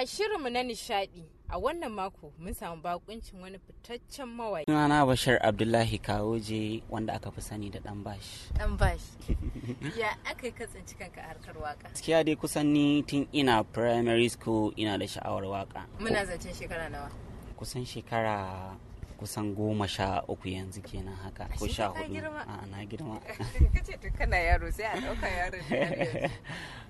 A shirinmu na nishadi a wannan mako mun samu bakuncin wani fitaccen mawaƙi. Sunana Bashar Abdullahi Kawoje wanda aka fi sani da Dan Bash. Dan Bash. ya aka yi katsin kanka a harkar waka? Gaskiya dai kusan ni tun ina primary school ina da sha'awar waka. Muna zancen shekara nawa? Kusan shekara kusan goma sha uku yanzu kenan haka ko sha hudu a na girma kace kana yaro sai a dauka yaro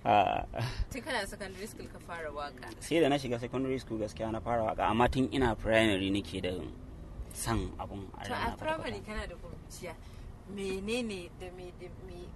Ah. kana secondary school ka fara waka sai da na shiga secondary school gaskiya na fara waka amma tun ina primary nake da san abun a to a primary kana da kurciya menene da me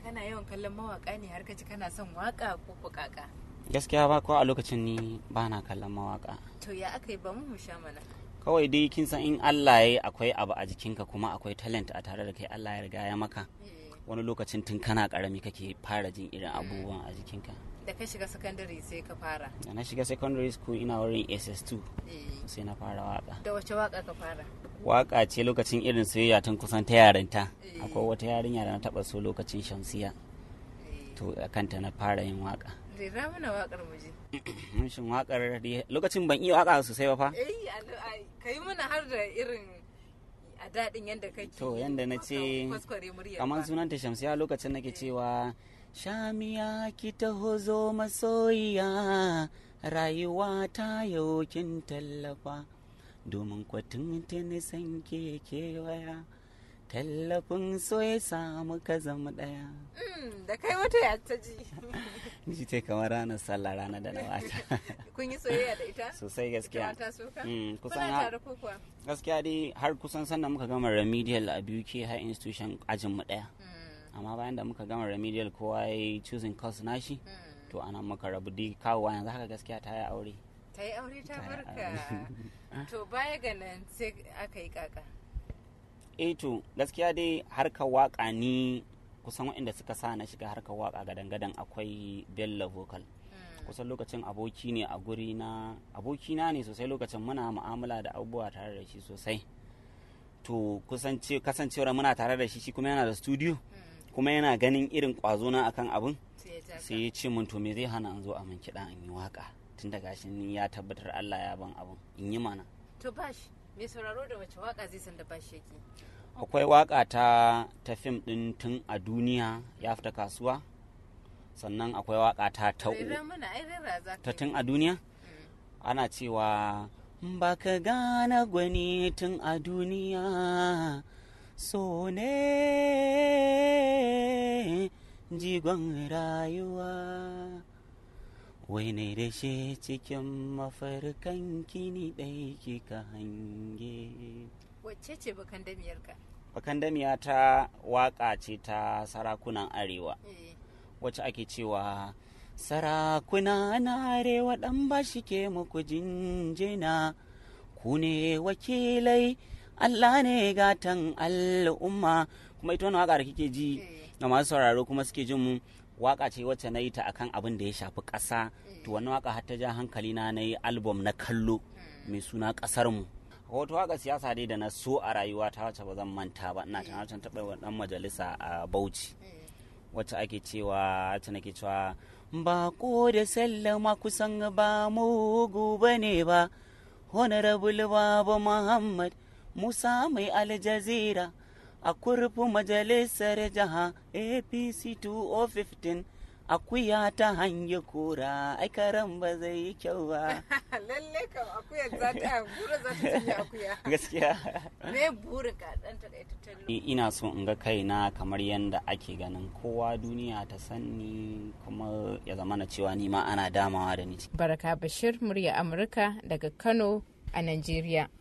kana yawan kallon mawaka ne har kaci kana son waka ko fukaka gaskiya ba ko a lokacin ni ba na kallon mawaka to ya aka yi ba mu mu sha mana kawai dai kin san in Allah ya akwai abu a jikinka kuma akwai talent a tare da kai Allah ya riga ya maka yeah. wani lokacin tun kana karami kake fara jin irin abubuwan a jikinka da ka shiga secondary sai ka fara da na shiga secondary school ina wurin ss2 eh. sai na fara waka da wace waka ka fara waka ce lokacin irin soyayya tun kusan ta yarinta eh. akwai wata yarinya da na taba so lokacin shamsiya eh. to a kanta na fara yin waka rera mana wakar muje mun shin wakar lokacin ban iya waka sosai ba fa eh kai mana har da irin a daɗin yadda kake to yadda na ce kamar sunan ta shamsiya lokacin nake cewa shamiya ki taho zo masoyiya rayuwa ta yau kin tallafa domin kwatin tuni san ke kewaya tallafin so ya samu ka zama ɗaya mm, da kai wata ya ta ji ji ce kamar ranar sallah rana da na wata kun yi soyayya da ita sosai gaskiya Ita mm, kusan tare ko kuwa gaskiya dai har kusan sannan muka gama remedial a BUK High Institution ajin mu daya mm. amma bayan da muka gama remedial kowa ya yi choosing course nashi mm. to ana muka rabu di kawo yanzu haka gaskiya ta yi aure ta yi aure ta barka to baya ga nan sai aka yi kaka eh to gaskiya dai harkar waka ni kusan waɗanda suka sa na shiga harkar waka gadan-gadan akwai bella vocal hmm. kusan lokacin aboki ne a guri na na ne sosai lokacin muna mu'amala da abubuwa tare da shi sosai to kasancewar muna tare da shi shi kuma yana da studio hmm. kuma yana ganin irin kwazo na akan abin sai ya ce mun to me zai hana an zo a min kiɗa an yi waka tun daga shi ni ya tabbatar Allah ya ban abin in yi mana to bash me sauraro da wace waka zai san da bash yake akwai waka ta ta fim din tun a duniya ya fita kasuwa sannan akwai waka ta ta ta tun a duniya mm. ana cewa ba ka gane gwani tun a duniya so ne jigon rayuwa wai ne da shi cikin mafarkan kini ɗai kika hange wacce ce bakan Bakandamiya ta waka ce ta sarakunan arewa eh. wacce ake cewa sarakuna na arewa dan ba shi ke muku jinjina ku ne wakilai Allah ne gatan al'umma kuma ita wani waka da kike ji na eh. masu sauraro kuma suke jin mu waka ce wacce na yi ta akan abin da ya shafi ƙasa to eh. wani waka har ta ja hankali na na yi album na kallo hmm. mai suna ƙasar mu hoto haka siyasa dai da na so a rayuwa ta wacce ba zan manta ba ina tana taɓa wa ɗan majalisa a bauchi wacce ake cewa ta nake cewa ba ko da sallama kusan ba mugu ba ne ba honorable baba muhammad musa mai aljazira a kurfin majalisar jiha apc 2015 akuya ta hanya kora ai ba zai yi kyau ba lalle kam akuya za ta yi gura za ta akuya gaskiya me burin ka dan ta eh, ina so in ga kaina kamar yadda ake ganin kowa duniya ta sanni kuma ya zama na cewa ni ma ana damawa da ni baraka bashir murya amurka daga kano a nigeria.